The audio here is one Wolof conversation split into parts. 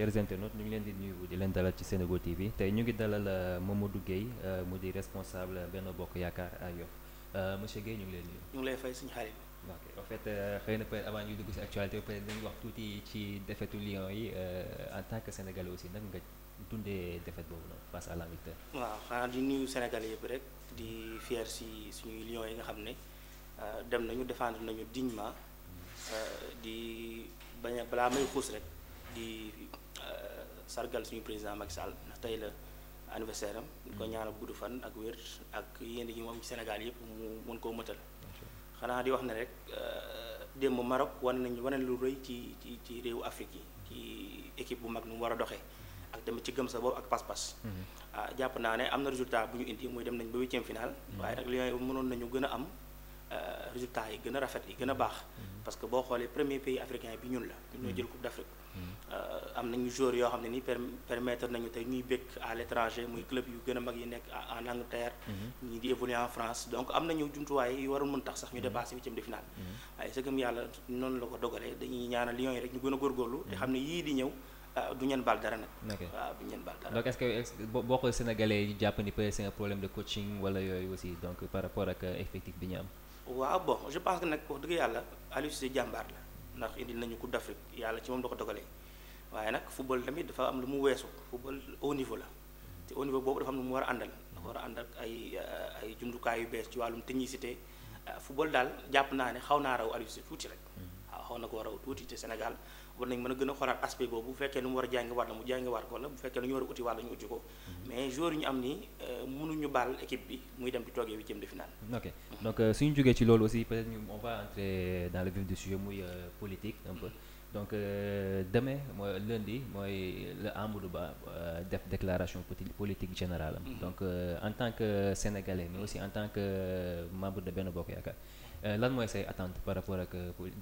chers internautes ñu ngi leen di nuyu di leen dalal ci Sénégo TV tey ñu ngi dalal euh, Mamadou Gueye euh, mu di responsable Benno Bokk Yaakaar à Yoff euh, monsieur Gueye ñu ngi leen nuyu. ñu ngi lay fay suñu xarit. ok en fait xëy na peut-être avant ñuy dugg ci actualité peut-être dañuy wax tuuti ci défaitu Lions yi en tant que sénégalais aussi nag nga dundee défaite boobu noonu face à l'Angleterre. waaw xanaa di nuyu sénégalais yëpp rek di fier ci suñuy Lions yi nga xam ne dem nañu défendre nañu dignement mm. di bañ a balaa may xuus rek. di Euh, sargal suñu président Macky Sall ndax tey la anniversaire am ñu ko mm. ñaanal gudd fan ak wér ak yenn yi moom ci Sénégal yëpp mu mën koo mëtal xanaa di wax ne rek euh, démb Maroc wan nañu wane lu rëy ci ci ci réewu Afrique yi ci bu mag mu war a doxee ak ci gëm sa bopp ak pas-pas mm-hmm. ah jàpp naa ne am na bu ñu indi mooy dem nañ ba huitième final mm-hmm. waaye nag Lions yi mënoon nañu gën a am euh, résultat yi gën a rafet yi gën a baax mm-hmm. parce que boo xoolee premier pays africain bi ñun la ñun ñoo jël Coupe d'Afrique Euh, am nañu joueurs yoo xam ne ni permettre nañu tey ñuy békk à l'étranger muy club yu gën a mag yi nekk en Angleterre. Mhm. ñi di évoluer en France donc am nañu jumtuwaay yi warul mën tax sax ñu mhm. dépassé huitième de finale. Mhm. waaye sëgëm yàlla noonu la ko dogalee dañuy ñaanal Lions yi rek ñu gën a góorgóorlu te xam ne yii di ñëw. Ah, du ñeen baal nag. waaw du ñeen baal donc est-ce boo xoolee sénégalais yi jàpp ni peut-être c'est un problème de coaching wala yooyu aussi donc par rapport ak effectif bi ñu ndax indi nañu Coupe d'Afrique yàlla ci moom da ko dogalee waaye nag football tamit dafa am lu mu weesu football haut niveau la te haut niveau boobu dafa am lu mu war a àndal dafa war ànd ak ay ay jumtukaay yu bees ci wàllum technicité football daal jàpp naa ne xaw naa raw Aliou Cissé tuuti rek mm-hmm. waaw xaw na ko raw tuuti te Sénégal war nañ mën a gën a xoolaat aspect boobu bu fekkee lu mu war a jàngiwaat la mu jàngiwaat ko la bu fekkee lu ñu war a uti waat la ñu uti ko mm-hmm. euh, baal équipe muy dem di toogee huitième de finale ok mm-hmm. donc euh, suñu jógee ci loolu aussi peut-être ñu on va entrer dans le vif du sujet muy euh, politique un peu mm-hmm. mooy lundi mooy la Amadou Ba def déclaration politique générale donc en tant que sénégalais aussi en tant que membre de Benno Bokk Yaakaar lan mooy say attente par rapport ak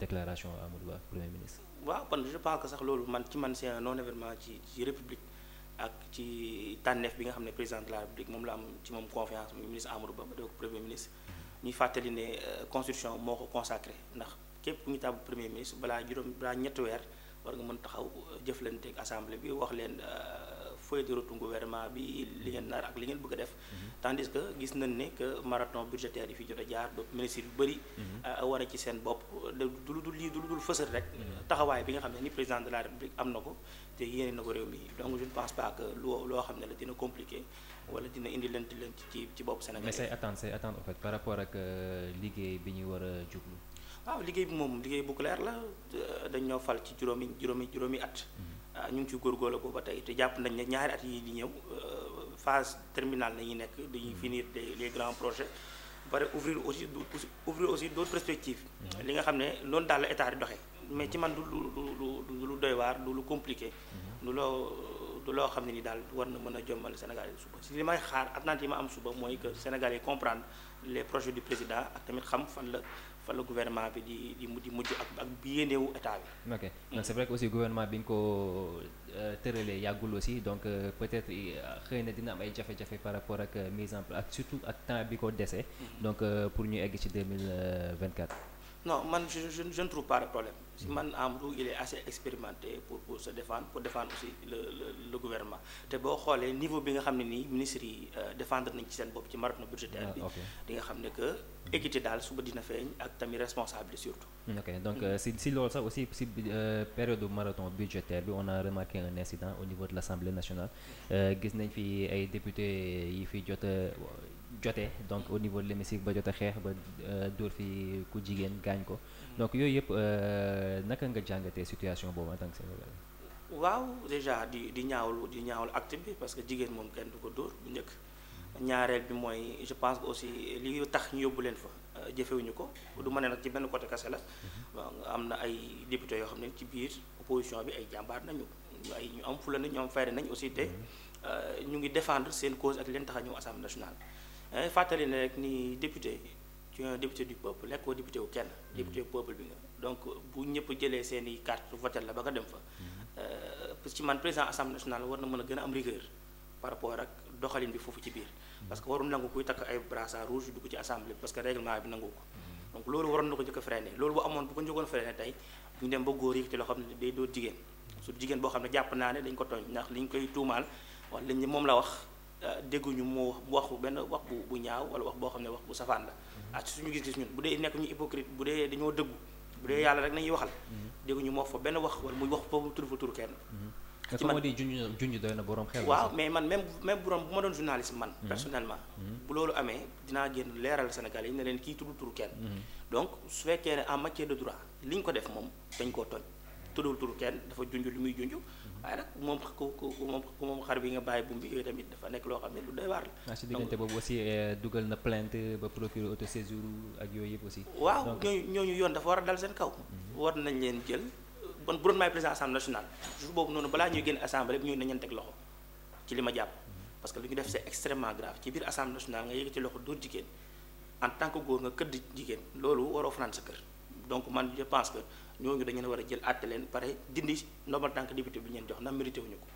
déclaration Amadou Ba premier ministre waaw kon je que sax loolu man ci man c'est un non événement ci ci république ak ci tànneef bi nga xam ne président de la république moom la am ci moom confiance muy ministre Amadou Ba donc premier ministre mm-hmm. ñuy fàttali ne euh, constitution moo ko consacré ndax képp ku ñu tàbb premier ministre balaa juróom balaa ñetti weer war nga mën taxaw jëf euh, jëflanteeg assemblée bi wax leen. Euh, feuille de route bi li ngeen nar ak li ngeen bëgg a def mhm. tandis que gis nañ ne que marathon budgétaire yi fi jot a jaar dootu ministre yu mhm. euh, war wane ci seen bopp du lu dul lii du lu dul rek mhm. taxawaay bi nga xam ne ni président de la république am na ko te yéene na ko réew mi donc je ne pense pas que loo loo xam ne la dina compliqué wala dina indi lënt lënt ci ci bopp Sénégal mais say attente say attente en fait par rapport ak euh, liggéey bi ñuy war a jublu waaw ah, liggéey bi moom liggéey bu clair la euh, dañ ñoo fal ci juróomi juróomi juróomi at Ah, ñu ngi ciy góorgóorlu ko ba tey te jàpp nañ ne ñaari at yi di ñëw euh, phase terminale la ñuy nekk dañuy mm-hmm. finir les grands projets ba pare ouvrir aussi ouvrir aussi d'autres perspectives mm-hmm. li nga xam ne loolu daal la état di doxee mais ci mm-hmm. man du lu lu lu doy waar du lu compliqué du loo du loo xam ne ni daal war na mën a jommal Sénégal yi suba si li may xaar attente yi ma am suba mooy que Sénégal yi comprendre les projet du président ak tamit xam fan la fa la gouvernement bi di di di mujj ak ak bi yéenewu état bi. ok non mm. c'est vrai que aussi gouvernement bi ñu ko euh, tëralee yàggul aussi donc euh, peut-être euh, xëy na dina am ay jafe-jafe par rapport ak mise en place ak surtout ak temps bi ko desee mm. donc pour ñu egg ci mille vingt 2024. non man je je je ne trouve pas de problème si mm. man Amadou il est assez expérimenté pour pour se défendre pour défendre aussi le le gouvernement te boo xoolee niveau bi nga xam ne nii ministres yi euh, défendre nañ ci seen bopp ci marathon budgétaire ah, bi di nga xam ne que mm. équité daal suba dina feeñ ak tamit responsabilité surtout. Mm, ok donc euh, si si loolu sax aussi si euh, période marathon budgétaire bi on a remarqué un incident au niveau de l'Assemblée nationale gis nañ fi ay députés yi fi jot jotee donc au niveau de l'hémicycle ba jote xeex ba euh, dóor fi ku jigéen gaañ ko donc yooyu yëpp euh, naka nga jàngatee situation boobu en tant que waaw déjà di di ñaawlu di ñaawlu acte bi parce que jigéen moom kenn du ko dóor bu njëkk ñaareel bi mooy je pense que aussi li tax ñu yóbbu leen fa euh, jëfewuñu ko du ma ne nag ci benn côté kase la mhm. am na ay député yoo xam ne ci biir opposition bi ay jàmbaar nañu ay ñu am fula nañ ñu am fayda nañ aussi te mhm. ñu ngi défendre seen cause ak leen tax a ñëw assemblée nationale fàttali ne rek ni député tu es un député du peuple nekkoo député wu kenn mm-hmm. député peuple bi nga donc bu ñëpp jëlee seen i carte votel la ba nga dem fa mm-hmm. euh, parce que man président assemblée nationale war na mën a gën a am rigueur par rapport ak doxalin bi foofu ci biir mm-hmm. parce que warul nangu ko takk ay brassard rouge dugg ci assemblée parce que règlement bi nangu ko donc loolu waroon na ko njëkk a freiné loolu bu amoon bu ko njëkkoon freiné tey ñu dem ba góor yi te loo xam ne day doo jigéen su boo xam ne jàpp naa ne dañ ko tooñ ndax li ñu koy tuumaal wax lañ moom la wax Euh, dégguñu mu wax waxu benn wax bu ñaaw wala wax boo xam ne wax bu safaan la mm-hmm. ah ci suñu gis-gis ñun bu dee nekk ñu hypocrite bu dee dañoo dëggu bu dee yàlla rek nañuy waxal mm-hmm. dégguñu mu wax fa benn wax wala muy wax foofu tudd fa tur kenn mm-hmm. ci man di junj junj doy na borom xel waaw mais man même même borom bu ma doon journaliste man personnellement loolu amee dinaa génn leeral Sénégal yi ne leen kii tudd tur kenn donc su fekkee ne en matière de droit li ñu ko def moom dañ koo tooñ tuddul tur kenn dafa junj li muy junj waaye nag moom ku ku ku moom xar bi nga bàyyi bu mu yooyu tamit dafa nekk loo xam ne lu doy waar la. si diggante boobu aussi eh, dugal auto séjour ak yooyu yëpp aussi. waaw ñooñu ñooñu yoon dafa war a dal seen kaw. Mhm. war nañ leen jël bon bu doon maay président assemblée nationale boobu noonu balaa ñuy génn assemblée bi ñooñu nañ leen teg loxo ci li ma jàpp. Mhm. parce que lu ñu def c'est extrêmement grave ci biir assemblée nationale nga yëkkati loxo dóor jigéen en tant que góor nga kë jigéen loolu waroo fanaan sa kër man je pense ñooñu dañu war a jël àtte leen pare dindi ndombal tànk député bi ñeen jox ndax mérité wuñu ko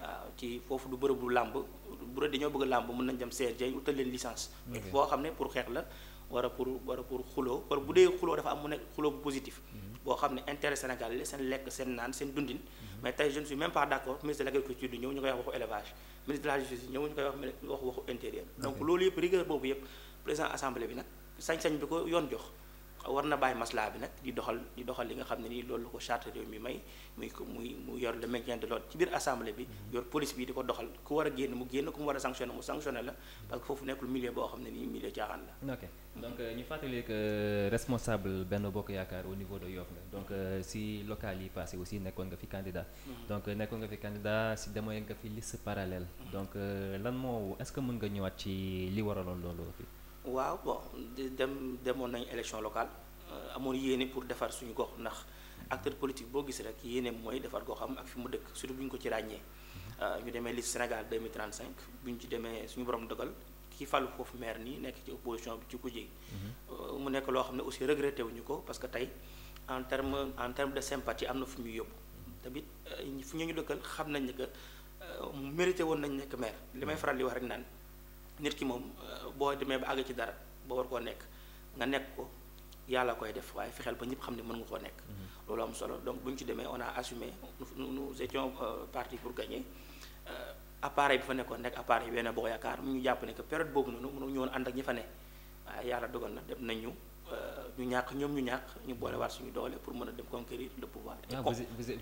waaw ci foofu du bërëb bu làmb bu dee bëgg a làmb mën nañ dem CRG utal leen licence boo xam ne pour xeex la wala pour wala pour xuloo wala bu dee xuloo dafa am mu nekk xuloo bu positif mhm. boo xam ne intérêt Sénégal la seen lekk seen naan seen dundin mhm. mais tey je ne suis même d' ministre de l' du ñëw ñu koy wax waxu élevage ministre de la justice ñëw ñu koy wax waxu waxu intérieur donc loolu yëpp rigueur boobu yëpp président assemblée bi nag sañ-sañ bi ko yoon jox war na bàyyi maslaa bi nag di doxal di doxal li nga xam ne nii loolu ko charte réew mi may muy muy mu yor le maintien de l'ordre ci biir assemblée bi mm-hmm. yor police bi di ko doxal ku war a génn mu génn ku mu war a sanctionné mu sanctionné la parce que foofu nekkul milieu boo xam ne nii milieu caaxaan la ok donc euh, ñu fàttali que euh, responsable Benno Bokk Yaakaar au niveau de Yoff nga donc euh, si local yi passé aussi nekkoon nga fi candidat mm-hmm. donc nekkoon nga fi candidat si demoy nga fi liste mm-hmm. lan moo est-ce que mën nga ñëwaat ci li waraloon loolu waaw bon dem demoon nañu élection locale euh, amoon yéene pour defar suñu gox ndax acteur politique boo gis rek yéene mooy defar goxam ak fi mu dëkk surtout bu ko ci ràññee euh, ñu demee liste Sénégal 2035 bu ñu ci demee suñu borom dogal ki fàllu foofu maire nii nekk ci opposition bi ci kuje mm-hmm. euh, yi mu nekk loo xam ne aussi regretté wuñu ko parce que tey en terme en terme de sympathie am na fu ñuy yóbbu tamit fu ñu ñu dëkkal xam nañ ne que mérité woon nañ nekk maire li may faral di wax rek naan nit ki moom euh, boo demee ba àgg ci dara ba war koo nekk nga nekk ko yàlla koy def waaye fexeel ba ñëpp xam ne mën nga koo nekk. Mm-hmm. loolu am solo donc bu ñu ci demee on a assumé nous nous étions euh, partis pour gagner euh, appareil bi fa nekkoon nekk appareil benn boo yaakaar mu ñu jàpp ne que période boobu noonu mënu ñëwoon ànd ak ñi fa ne waaye yàlla dogal na dem nañ ñu. ñu ñàkk ñoom ñu ñàkk ñu boolewaat suñu doole pour mën a dem conquérir le pouvoir. et, ah,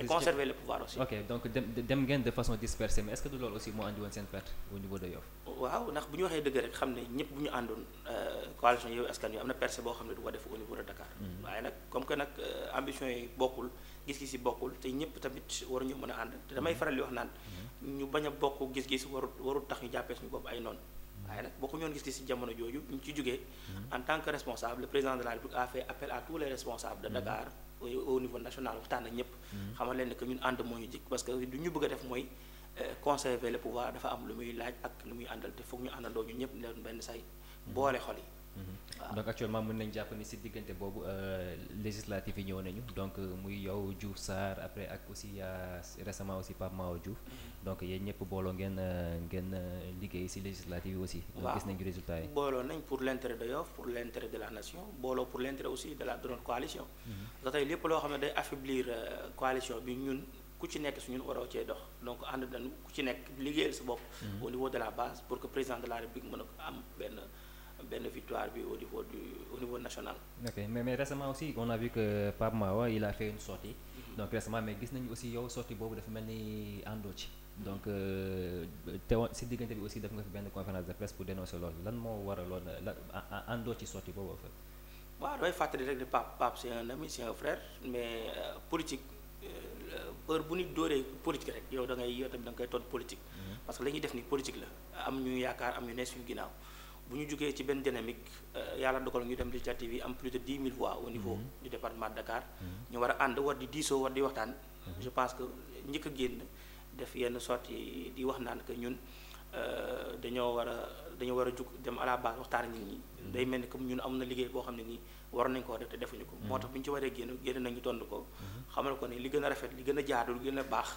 conserver le pouvoir aussi. ok dem dem ngeen de façon dispersée mais est du loolu aussi moo andi seen perte au niveau de Yoff. waaw ndax bu ñu waxee dëgg rek xam ne ñëpp bu ñu àndoon euh, coalition Yewwi Askan Wi am na percée boo xam ne du ko def au niveau de Dakar. Mm-hmm. waaye nag comme que nag euh, ambition yi bokkul gis-gis yi bokkul te ñëpp tamit war waruñu mën a ànd te damay mm-hmm. faral di wax naan. Mm-hmm. ñu a bokk gis-gis warut warut tax ñu jàppee suñu bopp ay noonu. waaye nag ko ñoon gis-gis ci jamono jooju ñu ci jógee en tant que responsable le président de la République a fait appel à tous les responsables de Dakar au niveau national waxtaan ak ñëpp mm-hmm. xamal leen ne que ñun ànd moo ñu jik parce que du ñu bëgg a def mooy euh, conserver le pouvoir dafa am lu muy laaj ak lu muy àndal te foog ñu àndandoo ñu ñëpp leen benn say mm-hmm. boole xol yi waaw mm-hmm. donc actuellement mën nañu jàpp ni si diggante boobu euh, législative yi ñëw nañu donc euh, muy yow Diouf Sarr après ak aussi yaa euh, récemment aussi Pape Mao Diouf mm-hmm. donc yéen ñëpp booloo ngeen ngeen liggéey si législative yi aussi. waaw gis nañu résultat yi. booloo nañ pour l' intérêt de Yoff pour l' intérêt de la nation booloo pour l' intérêt aussi de la de coalition. da mm-hmm. tey lépp loo xam ne day affaiblir coalition bi ñun. ku ci nekk suñu waroo cee dox donc ànd dañu ku ci nekk liggéeyal sa bopp. au niveau de la pour que président de la benn victoire bi au niveau national. ok mais mais récemment aussi on a vu que Pape Mawa il a fait mhm. donc récemment mais gis nañu aussi yow sortie boobu dafa mel ni àndoo ci. donc euh, te woon si diggante bi aussi def nga fi benn conférence de presse pour dénoncer loolu lan moo waraloon la àndoo ci sortie boobu fa. waaw dooy fàttali rek ne Pape Pape c'est un ami c'est un frère mais euh, politique euh, heure bu nit dóoree politique rek yow da ngay yow koy tontu politique. Mhm. parce que ñuy def ni politique la am ñu yaakaar am ñu nees ginnaaw. bu ñu jógee ci benn dynamique euh, yàlla dogal ñu dem législative yi am plus de dix mille voix au niveau mm-hmm. du département de Dakar mm-hmm. ñu war a ànd war di diisoo war di waxtaan mm-hmm. je pense que njëkk a génn def yenn sorti di wax naan que ñun euh, dañoo war a dañoo war a jug dem à la base waxtaan nit ñi day mel ni comme ñun am na liggéey boo xam ne nii war nañ ko def te defuñu ko moo tax bu ñu ci waree génn génn nañu tontu ko xamal ko ne li gën a rafet li gën a jaadu gën a baax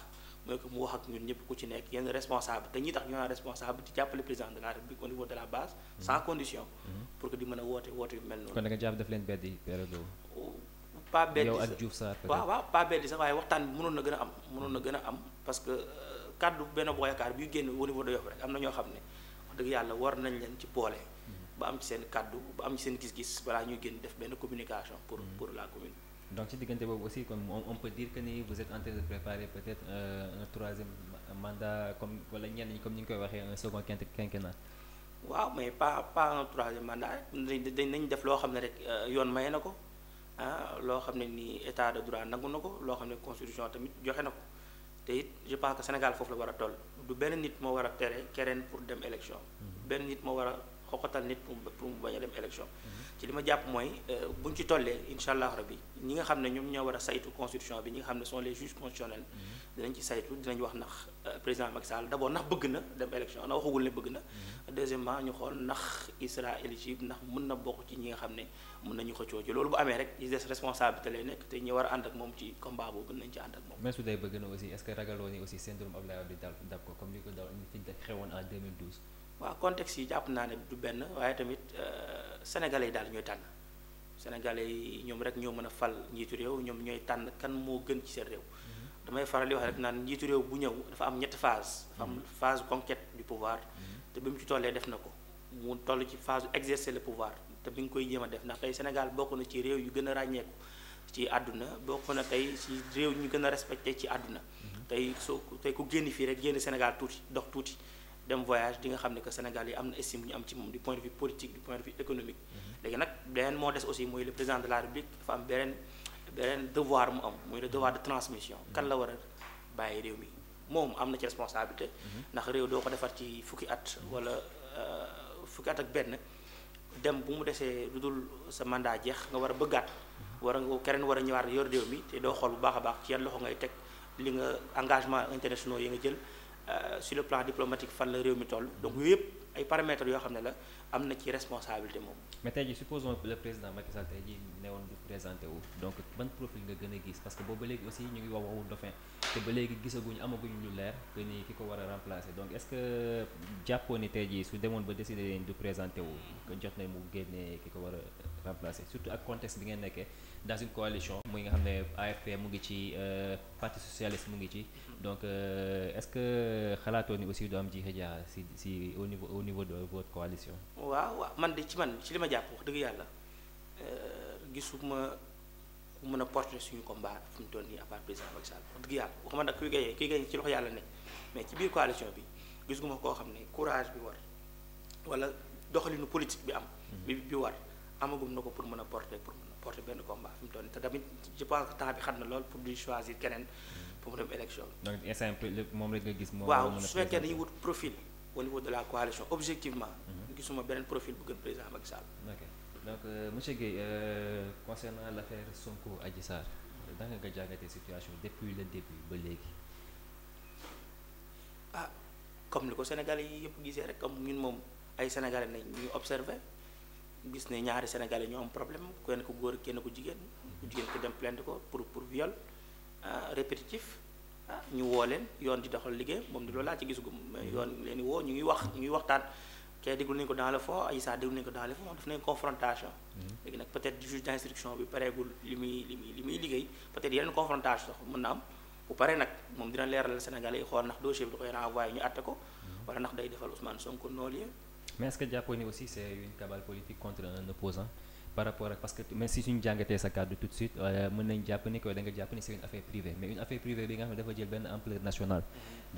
mooy que mu wax ak ñun ñëpp ku ci nekk yenn responsable te ñi tax ñu naan responsable di jàppale président de la république mhm. mhm. a woote woote yu mel noonu. kon da nga jàpp daf leen beddi période boobu. pas beddi yow ak waxtaan mënoon na gën am mënoon na gën a am que euh, kaddu benn boyakaar bi génn au niveau am na ñoo xam ne wax dëgg yàlla war nañ leen ci boole. Mhm. ba am ci seen kaddu ba am ci seen gis-gis balaa ñuy génn def benn communication. pour pour la commune. donc ci diggante boobu aussi comme on peut dire que ni vous êtes en train de préparer peut-être euh, troisième mandat comme wala ñenn ñi comme ni ñu koy waxee un second quinquennat waaw mais pas pas un troisième mandat dañ nañ def loo xam ne rek euh, yoon maye na ko ah loo xam ne nii état de droit nangu na ko loo xam ne constitution tamit joxe na ko te it je pense que Sénégal foofu la war a toll du benn nit moo war a tere keneen pour dem élection mhm. benn nit moo war a xoxatal nit pour pour mu dem élection mhm. ci li ma jàpp mooy euh, buñ ci tollee incha allah rabbi ñi nga xam ne ñoom ñoo war a saytu constitution bi ñi nga xam ne sont les juges constitutionnels mm-hmm. dinañ ci saytu dinañ wax ndax euh, président Macky Sall d' ndax bëgg na dem élection na waxagul ne bëgg na mm-hmm. deuxièmement ñu xool ndax il sera éligible ndax mën na bokk ci ñi nga xam ne mën nañu xëccoo ci loolu bu amee rek yi des responsabilité lay nekk te ñi war a ànd ak moom ci combat boobu nañ ci ñu waaw contexte yi jàpp naa ne du benn waaye tamit euh, sénégalais yi daal ñooy tànn sénégalais yi ñoom rek ñoo mën a fal njiitu réew ñoom ñooy tànn kan moo gën ci seen réew mm-hmm. damay faral di wax rek naan njiitu réew bu ñëw dafa am ñetti phase mm-hmm. phase conquête du pouvoir mm-hmm. te bi mu ci tollee def na ko mu toll ci phase exercer le pouvoir te bi nga koy jéem a def ndax tey Sénégal bokk na ci réew yu gën a ràññeeku ci àdduna bokk na tey ci réew ñu gën a respecté ci àdduna tey soo tey génn fii rek génn Sénégal tuuti dox tuuti dem voyage di nga xam ne que Sénégal yi am na estime bu ñu am ci moom du point de vue politique du point de vue économique. Mhm. léegi nag beneen moo des aussi mooy le président de la République beneen beneen devoir mu am muy le devoir de transmission. kan la war a bàyyi réew mi moom am na ci responsabilité. Mhm. ndax réew doo ko defar ci fukki at wala euh, fukki at ak benn dem bu mu desee lu dul sa mandat jeex nga war a bëggaat. Mhm. war a nga keneen war a ñëwaat yor réew mi te doo xool bu baax a baax ci yan loxo ngay teg li nga engagement internationaux yi nga jël. Euh, su le plan diplomatique fan la réew mi toll donc yooyu yëpp ay paramètres yoo xam ne la am na ci responsabilité moom. mais tey jii supposons le président Macky Sall tey jii ne woon du présenté wu donc ban profil nga gën a gis parce que boobu ba léegi aussi ñu ngi wax waxu dauphin te ba léegi gisaguñu amaguñ lu leer que ni ki ko war a remplacer donc est-ce que jàppoo ni tey jii su demoon ba décidé du présenté wu que jot na mu génnee ki ko war a remplacer surtout ak contexte bi ngeen nekkee dans une coalition muy nga xam ne AFP mu ngi ci euh, parti socialiste mu ngi ci mm-hmm. donc euh, est-ce que xalaatoo ni aussi du am jiixi si si au niveau au niveau de votre coalition waaw waaw man de ci man ci li ma jàpp wax dëgg yàlla euh, gisuma ku mën a porter suñu combat fu mu toll nii à part président Macky wax dëgg yàlla waxuma a kuy gañee kuy gañee ci loxo yàlla ne mais ci biir coalition bi gisuma koo xam ne courage bi war wala doxalinu politique bi am. Mhm. bi bi war amagum na ko pour mën a porte pour mën a porter benn combat fi mu toll nii te tamit je pense que temps bi xam na lool pour di choisir keneen mhm. pour mu dem élection. donc moom rek nga gis. moom waaw su fekkee dañuy wut profil au la coalition objectivement. Mhm. gisuma beneen profil bu gën président Macky Sall. ok donc euh, monsieur Guèye euh, concernant l' affaire Sonko Adji Sarr danga nga jàngatee situation depuis le début ba léegi. ah comme li ko Sénégalais yi yëpp gisee rek comme ñun moom ay sénégalais nañ ñu observé gis ne ñaari sénégalais ñoo am problème kenn ku góor kenn ku jigéen ku jigéen ku dem plainte ko pour pour viol ah, répétitif. ah ñu woo leen yoon di doxal liggéey moom di loolu laa ci gisugum yoon leen woo ñu ngi wax ñu kee déglu nañu ko dans le fond Adji Sarr déglu nañu ko dans le fond def nañu confrontation mm-hmm. léegi nag peut-être juge d'instruction bi pareegul li muy li muy li muy liggéey peut-être yeneen confrontation sax mën na am bu paree nag moom dina leeralal Sénégalais yi xool ndax dossier bi da koy renvoyé ñu àtte ko mm-hmm. wala ndax day defal Ousmane Sonko noolu mais est-ce que jàppoo ni aussi c'est une cabale politique contre un par rapport ak parce que mais si suñu jàngatee sa kàddu tout de suite euh, mën nañ jàpp ni que da jàpp ni c'est une affaire privée mais une affaire privée bi nga xam ne dafa jël benn ampleur nationale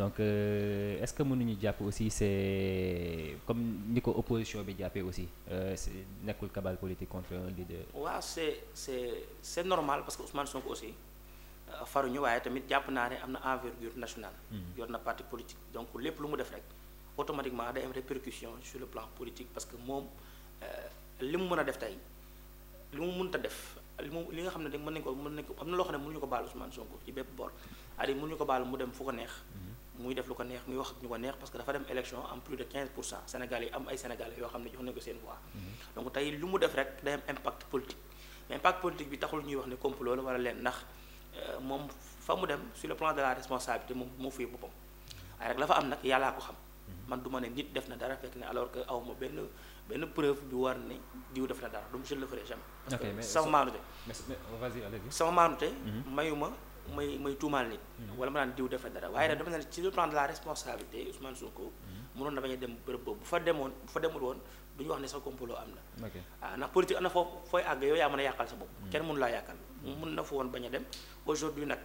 donc euh, est-ce que mënuñu jàpp aussi c'est comme ni ko opposition bi jàppee aussi euh, c'est nekkul cabale politique contre un leader. waaw c'est c'est normal parce que Ousmane Sonko aussi euh, ñu waaye tamit jàpp naa ne am na envergure nationale. Mm-hmm. yor na parti politique donc lépp lu mu def rek automatiquement day am répercussion le plan politique parce que moom li mu mën a def tey. li mu mënta def li mu li nga xam ne mën nañu ko mën nañu ko am na loo xam ne mënuñu ko baal Ousmane Sonko ci bépp bor c'est-à-dire mënuñu ko baal mu dem fu ko neex mhm. muy def lu ko neex muy wax ak ñu ko neex parce que dafa dem élection am plus de 15 pour cent Sénégal yi am ay Sénégalais yoo xam ne jox nañu ko seen voix mhm. donc tey lu mu def rek day am impact politique mais impact politique bi taxul ñuy wax ne complot la wala leen ndax euh, moom fa mu dem sur le plan de la responsabilité moom moo fuy boppam mhm. waaye rek la fa am nag yàllaa ko xam man du ma ne nit def na dara fekk ne alors que awma benn benn preuve bi war ni diw def na dara donc je ne le jamais. parce que sama maanute. sama mhm. maanute. mayuma may may tuumaal nit. Mhm. wala ma naan diw def na dara waaye mhm. dama ne ci le plan de la responsabilité Ousmane Sonko. na bañ a dem bu fa demoon bu fa demul woon du ñu wax ne sa complot am na. ah ndax am na foofu fooy àgg yow yaa mën a yàqal sa bopp. kenn mënu laa yàqal mun na fa woon bañ a dem aujourd'hui nag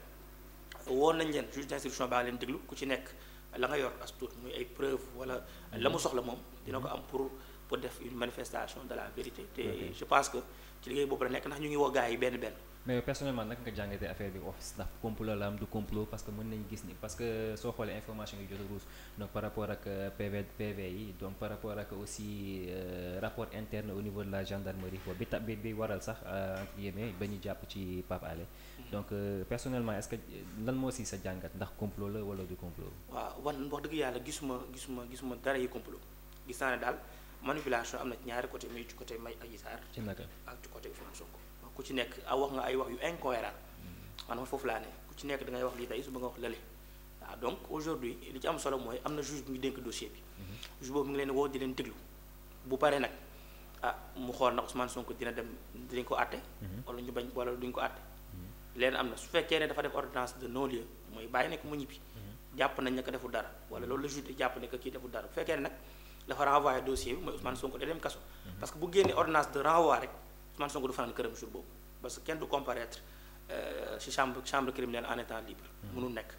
woon nañ leen juge baa ku ci nekk la nga yor pour def une manifestation de la vérité te je pense que ci liggéey boobu la nekk ndax ñu ngi woo gars yi benn benn mais personnellement naka nga jàngatee affaire bi office ndax complot la am du complot que mën nañ gis ni parce que soo xoolee par rapport ak euh, PV PV yi donc par rapport ak aussi euh, rapport interne au niveau de la gendarmerie foofu bi ta bi bi waral sax euh, entre guillemets ba ñu jàpp ci Pape Alé mhm. donc personnellement est lan moo si sa jàngat ndax complot la wala du complot waaw wan wax dëgg gisuma gisuma gisuma dara yi manipulation am na ci ñaari côté muy ci côté May Adji Sarr ak ci côté Ousmane Sonko ku ci nekk a ah, wax nga ay wax yu incohérent mm. maanaam foofu laa ne ku ci nekk dangay wax lii tey su ba nga wax lële waaw ah, donc aujourd'hui li ci am solo mooy am na juge bi ngi dénk dossier bi mm-hmm. juge boobu mi ngi leen woo di leen déglu bu paree nag ah mu xool na Ousmane Sonko dina dem dinañ ko àtte mm-hmm. wala ñu bañ wala duñ ko àtte mm-hmm. leen am na su fekkee ne dafa def ordonnance de non lieu mooy bàyyi nekk mu ñibbi jàpp nañ ne ko deful dara wala loolu jàpp ne kii deful dara bu fekkee nag dafa renvoyé dossier bi mooy Ousmane Sonko da dem kaso parce que bu génnee ordonnance de renvoi rek Ousmane Sonko du fanaan këram jour boobu parce que kenn du comparaître euh, ci chambre chambre criminelle en état libre mënul nekk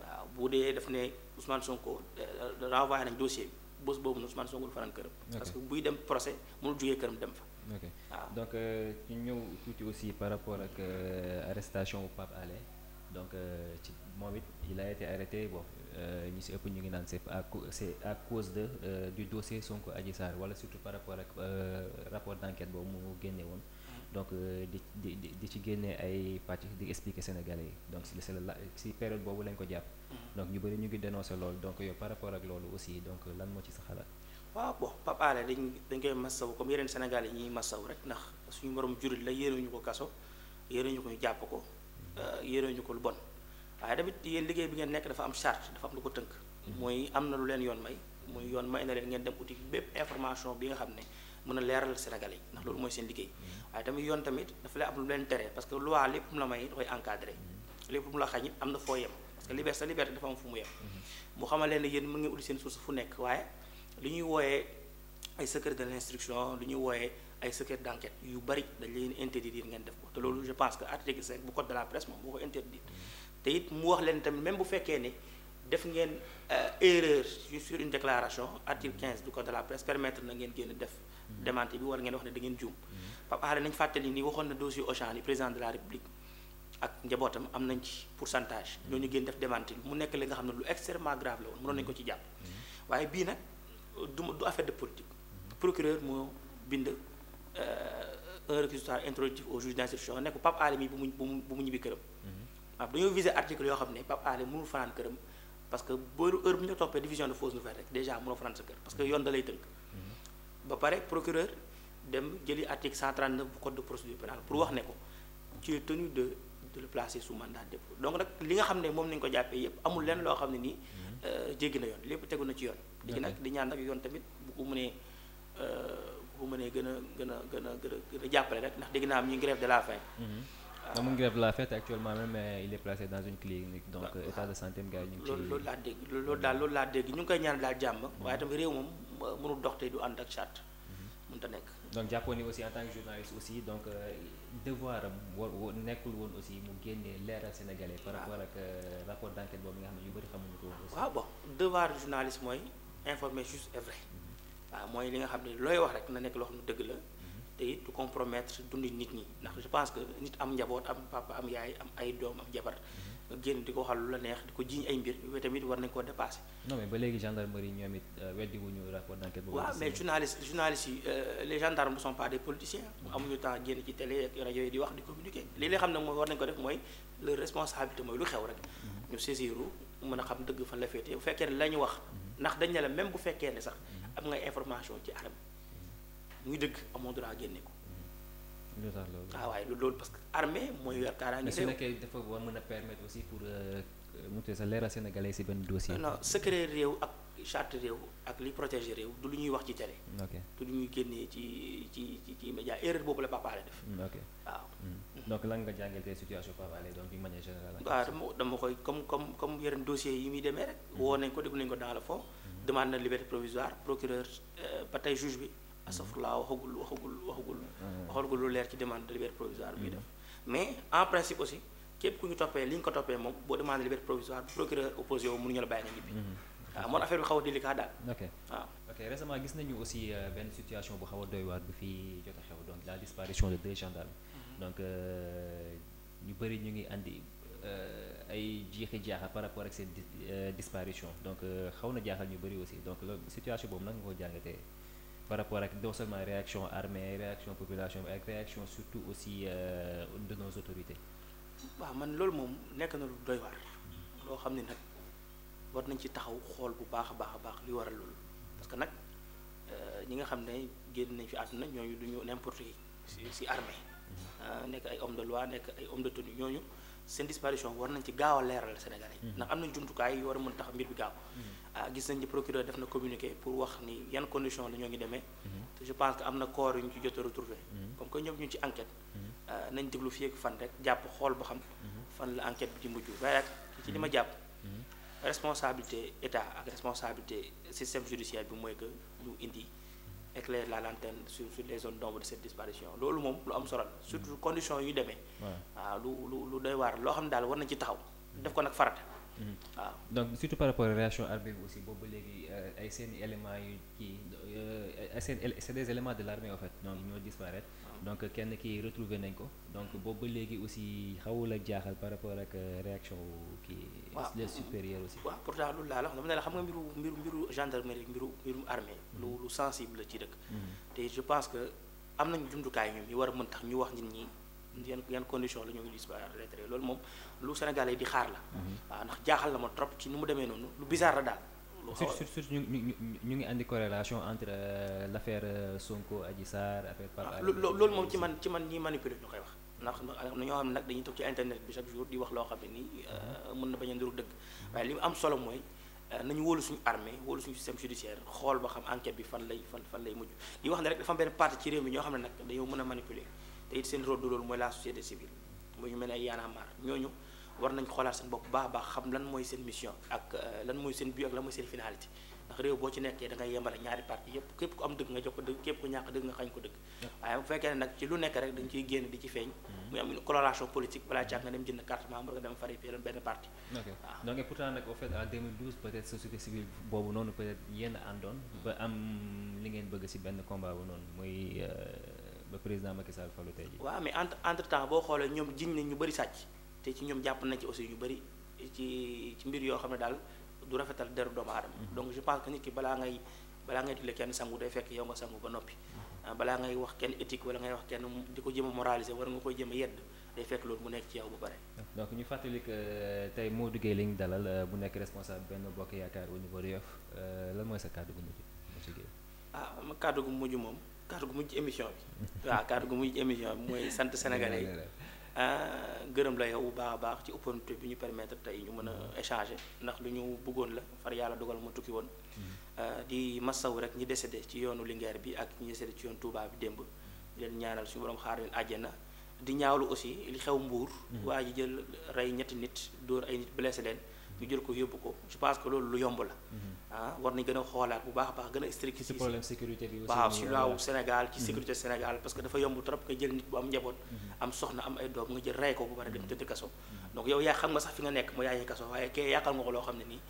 waaw bu dee def ne Ousmane Sonko euh, renvoyé nañ dossier bi bés boobu na Ousmane Sonko du fanaan këram parce que buy dem procès mënul jógee këram dem fa ok donc euh, ñu ñëw tuuti aussi par rapport ak arrestation bu Pape Alé donc ci moom it il Euh, ñu si ëpp ñu ngi naan c'est à c'est de euh, du dossier Sonko Adji Sarr wala surtout par rapport ak euh, rapport d'enquête boobu mu génne woon donc di di di ci génne ay pàcc di expliquer Sénégalais yi donc si c'est la si période boobu lañ ko jàpp donc ñu bëri ñu ngi dénoncer lool donc yow par rapport ak loolu aussi donc lan moo ci sa xalaat waaw bon Pape dañ dañ koy massaw comme yeneen Sénégalais yi ñuy massaw rek ndax suñu morom jurit la ñu ko kaso yéeruñu ko ñu jàpp ko mm-hmm. yéeruñu ko lu waaye tamit yéen liggéey bi ngeen nekk dafa am charte dafa am lu ko tënk mm-hmm. mooy am na lu leen yoon may muy yoon may na leen ngeen dem uti bépp information bi nga xam ne mën a leeral Sénégalais yi ndax loolu mooy seen liggéey mm-hmm. waaye tamit yoon tamit dafa leen am lu leen tere que loi lépp mu la may mm-hmm. na foo yem parce que liberté sa liberté dafa am fu mu yem mu xamal leen ne yéen mën ngeen uti seen source fu nekk waaye li ñuy wooyee ay secret de l'instruction lu ñuy wooyee ay secret yu bari dañ leen interdire ngeen def ko te loolu je pense que article 5 de la presse te it mu wax leen tamit même bu fekkee ne def ngeen euh, erreur sur une déclaration article 15 du code de la presse permettre na ngeen génn def démenti bi war ngeen wax ne da ngeen juum mm-hmm. Pape Alé nañ fàttali ni waxoon na dossier Auchan li président de la ak njabootam am nañ ci pourcentage mm-hmm. ñooñu génn def bi mu nekk li nga xam ne lu extrêmement grave la woon mënoon nañu ko ci jàpp mm-hmm. waaye bii nag du du affaire de politique procureur moo bind euh, un réquisitoire introductif au juge d'instruction nekk Pape Alé mi bu mu bu mu ñibbi këram waaw dañoo visé article yoo xam ne Pape Alé mënul fanaan këram parce que boo heure bu ñu toppee division de fausse nouvelle rek déjà mënoo fanaan sa kër parce que yoon da tënk. Mhm. ba pare procureur dem jëli article 139 bu code de procédure pénale pour wax ne ko ci tenu de de le su sous mandat de dépôt donc nag li nga xam ne moom nañ ko jàppee yépp amul leen loo xam ne nii mhm. euh, jéggi na yoon lépp tegu na ci yoon. léegi nag di ñaan nag yoon tamit bu ko mënee euh, bu ko mënee gën a gën a gën a gën a jàppale rek ndax dégg naa am ñu grève de la faim. Mhm. moom mu ngi grève de la faim actuellement même il est placé dans une clinique donc euh, état de santé gars yi ñu ngi koy ñaan daal jàmm mm-hmm. waaye tamit réew moom euh, mënul dox te du ànd ak charte mm-hmm. mënut a nekk donc jàppoon ni aussi en tant que journaliste aussi donc euh, devoir am nekkul woon aussi mu génnee leeral sénégalais par rapport ak rapport d'enquête boobu nga xam ne ñu bëri xamuñu ko woon waaw bon devoir journaliste mooy informer juste et vrai mm-hmm. waaw mooy li nga xam ne looy wax rek na nekk loo xam dëgg la te it du compromettre dund nit ñi ndax je pense que nit am njaboot am papa am yaay am ay doom am jabar mhm. génn di ko waxal lu la neex di ko jiiñ ay mbir yooyu war nañ koo dépassé. non mais ba léegi gendarmerie ñoom it euh, weddi wuñu rapport d'enquête boobu. waaw mais journaliste journaliste euh, les gendarmes ne sont pas des politiciens. Mhm. amuñu temps génn ci télé ak rajo yi di wax di communiquer li nga xam ne mooy war nañ ko def mooy leur responsabilité mooy lu xew rek. Mhm. ñu saisiru mën a xam dëgg fan la féete bu fekkee ne la ñu wax. ndax dañ ne la même bu fekkee ne sax am nga information ci arab muy dëgg amoo droit génne ko. Mm. ah waaye loolu parce que armée mooy yor kaaraange. mais su nekkee dafa war mën a permettre aussi pour euh, mu tudd sa leeral sénégalais si benn dossier. non secret réew ak charte réew ak li protéger réew du lu ñuy wax ci télé. ok du lu ñuy génnee ci ci ci ci média erreur boobu la Pape Alé def. Mm, ok waaw. Mm. donc lan nga jàngatee situation Pape Alé donc d'une manière générale. waaw dama koy comme comme comme yeneen dossier yi muy demee rek. woo nañ ko déglu nañ ko dans le fond. demande na liberté provisoire procureur euh, bi. astafurlah waxagul waxagul waxagul hmm. waxagul lu leer ci demande de provisoire bi hmm. def mais en principe aussi képp ku ñu toppee li ñu ko toppee moom boo demandé liberté provisoire procureur opposé wu mënuñu la bàyyi nga ñibbi waaw hmm. ah, moom affaire bi xaw a délicat daal ok waaw ah. ok récemment gis nañu aussi euh, benn situation bu xaw a doy waar bu fi jot a xew donc la disparition de deux gendarmes donc euh, ñu bëri ñu ngi andi euh, ay jiixi jaaxa par rapport ak seen disparition donc xaw na jaaxal ñu bëri aussi donc loolu situation boobu nag nga ko par rapport ak non seulement réaction armée réaction population bi ak réaction surtout aussi eh, de nos autorités. waaw man loolu moom nekk na lu doy waar loo xam ne nag war nañ ci taxaw xool bu baax a baax a baax li waral loolu parce que nag eh, ñi nga xam ne génn nañ fi àdduna ñooñu du ñu n'importe qui si si armée mm-hmm. ah, nekk ay homme de loi nekk ay homme de tenue ñooñu. seen disparition war nañ ci gaaw a leeral Sénégalais yi mm-hmm. ndax am nañ jumtukaay yu war a mën tax mbir bi gaaw mm-hmm. ah gis nañ ni procureur def na communiqué pour wax ni yan condition la ñoo ngi demee mm-hmm. te je pense que am na corps yu ñu ci jot a retrouvé comme que ñoom ñu ci enquête ah nañ déglu fii ak fan rek jàpp xool ba xam fan la enquête bi ci mujj waaye ak ci li ma jàpp responsabilité état ak responsabilité système judiciaire bi mooy que ñu indi éclairer la lanterne su sur les zones d'ombre de cette disparition loolu moom lu am solo surtout conditions yu demee. waaw lu lu lu doy waar loo xam ne daal war na ci taxaw def ko nag farat waaw mm-hmm. donc surtout par rapport réaction armée bi aussi boobu léegi euh, ay seen éléments yu kii euh, ay seen c'est des éléments de l'armée en fait donc ñoo disparaître ah. donc kenn kii retrouver nañ ko donc boobu léegi aussi xawul ak jaaxal par rapport ak euh, réaction kii les supérieurs aussi waaw pourtant loolu laa la wax ne la xam nga mbiru mbiru mbiru gendarmerie mbiru mbirum armée mm-hmm. lu lu sensible la ci dëkk mm-hmm. te je pense que am nañu jumtukaay ñoom ñu war a mën tax ñu wax nit ñi yan yan condition la ñu gis ba lettre loolu moom lu Sénégalais xaar la. waaw mhm. ah, jaaxal na ma trop ci nu mu demee noonu lu bizarre la daal. lu xaw surtout ñu ngi ngi andi corrélation entre euh, l' affaire euh, Sonko Adji Sarr affaire Pape ah, Alé loolu moom ci man ci man ñi manipuler ñu koy wax. ndax ñoo xam ne nag dañuy toog ci internet bi chaque jour di wax loo xam ne nii euh, mhm. mën na bañ a nduru dëgg mhm. waaye li mu am solo mooy nañu wóolu suñu armée wóolu suñu système judiciaire xool ba xam enquête bi fan lay fan fan lay mujj di wax ne rek dafa benn parti ci réew mi ñoo xam ne nag dañoo mën a manipuler te it seen rôle du loolu mooy la société civile muy ñu mel ne ñooñu war nañ xoolaat seen bopp baax baax xam lan mooy seen mission ak euh, lan mooy seen but ak lan mooy seen finalité ndax réew boo ci nekkee da ngay ñaari parti yépp képp ko ñàkk dëgg nga xañ ko dëgg waaye bu fekkee nag ci lu nekk rek dañ génn di ci feeñ mm-hmm. muy am coloration politique balaa càag nga dem jënd carte membre nga dem fari pé benn parti waaw ba président Macky Sall falu tey ji waaw mais entre entre temps boo xoolee ñoom jiñ nañ ñu bëri sàcc te ci ñoom jàpp nañ ci aussi ñu bari ci ci mbir yoo xam ne daal du rafetal deru doomu aadama mm-hmm. donc je pense que nit ki balaa ngay balaa ngay tuddee kenn sangu day fekk yow nga sangu ba noppi mm-hmm. ah, balaa ngay wax kenn éthique wala ngay wax kenn di ko jéem a moraliser war nga koy jéem a yedd day fekk loolu mu nekk ci yow ba pare. donc ñu fàttali que euh, tey Modou Gueye lañ dalal euh, bu nekk responsable benn bokk yaakaar au niveau de Yoff euh, lan mooy sa kàddu gu mujj monsieur ah, moom. kàddu gu mujj émission bi waaw kàddu gu mujj émission bi mooy sant sénégalais yi ah, gërëm la yow bu baax a baax ci opportunité bi ñu permettre tey ñu mën a échanger ndax lu ñu bëggoon la far yàlla dogal ma tukki woon mm-hmm. ah, di massaw rek ñi décédé ci yoonu Linguère bi ak ñi décédé ci yoon Touba bi démb di leen ñaanal suñu borom xaar leen àjjana di ñaawlu aussi li xew mbuur mm-hmm. waa ji jël rey ñetti nit dóor ay nit blessé leen ñu jël ko yóbbu ko je pense que loolu lu yomb la mhm. ah war nañ gën a xoolaat bu baax a baax gën a strict ci problème sécurité bi waaw si waaw euh, Sénégal ci mhm. sécurité Sénégal parce que dafa yomb trop nga jël nit bu am njaboot mhm. am soxna am ay doom nga jël rey ko bu pare dem tëdd kaso donc yow yaa xam nga sax fi nga nekk mu yaayee kaso waaye kee yaakaar nga ko loo xam ne nii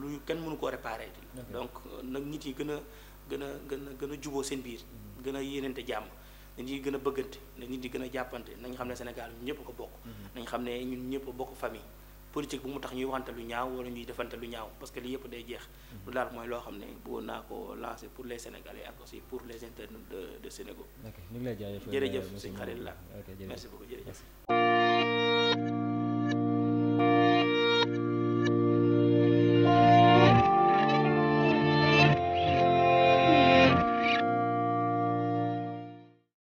lu kenn mënu koo réparé donc euh, nag nit yi gën a gën a gën a gën a juboo seen biir gën a yéenante jàmm dañuy gën a bëggante nit di gën a jàppante nañ xam ne Sénégal ñëpp ko bokk nañ xam ne ñun ñëpp bokk famille politique bu mu tax ñuy waxante lu ñaaw wala ñuy defante lu ñaaw parce que li day jeex mm-hmm. lu daal mooy loo xam ne bëggoon naa ko lancer pour les sénégalais ak pour les internautes de Sénégal. ok ñu ngi lay jaajëfal jërëjëf euh, sëñ Xalil la